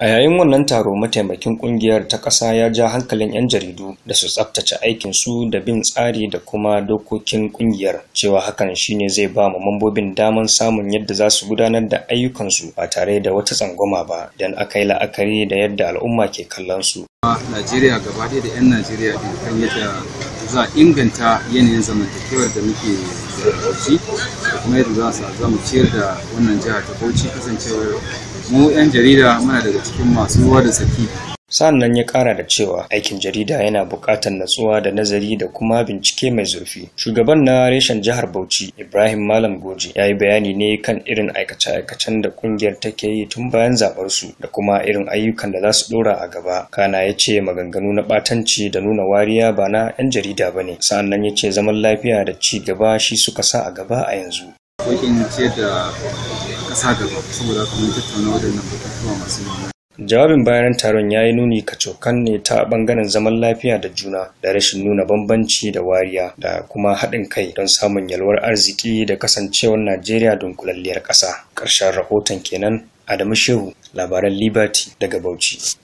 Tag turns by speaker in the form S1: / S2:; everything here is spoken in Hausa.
S1: A yayin wannan taro mataimakin kungiyar ta ƙasa ya ja hankalin 'yan jaridu da su tsabtace aikinsu da bin tsari da kuma dokokin kungiyar cewa hakan shine zai ba ma mambobin daman samun yadda za su gudanar da ayyukansu a tare da wata tsangwama ba don aka yi la'akari da yadda al'umma ke kallon su.
S2: Najeriya gaba da 'yan Najeriya kan yadda za a inganta yanayin zamantakewar da muke da bauchi da kuma yadda za a zama ciyar da wannan jihar ta bauchi kasancewar mu 'yan jarida muna daga
S1: cikin masu ruwa da tsaki sannan ya kara da cewa aikin jarida yana buƙatar natsuwa da nazari da kuma bincike mai zurfi shugaban na reshen jihar bauchi ibrahim malam goji ya yi bayani ne kan irin aikace-aikacen da kungiyar take yi tun bayan zaɓarsu da kuma irin ayyukan da za su ɗora a gaba kana ya ce maganganu na batanci da nuna wariya ba na 'yan jarida ba ne sannan ya ce zaman lafiya da ci gaba shi suka sa a gaba a yanzu
S3: da gaba saboda kuma tattauna masu
S1: Jawabin bayanan taron ya yi nuni kacokan ne ta bangaren zaman lafiya da juna da rashin nuna bambanci da wariya da kuma haɗin kai don samun yalwar arziki da kasancewar Najeriya dunkulalliyar ƙasa. Ƙarshen rahoton kenan Adamu Shehu labaran Liberty daga Bauchi.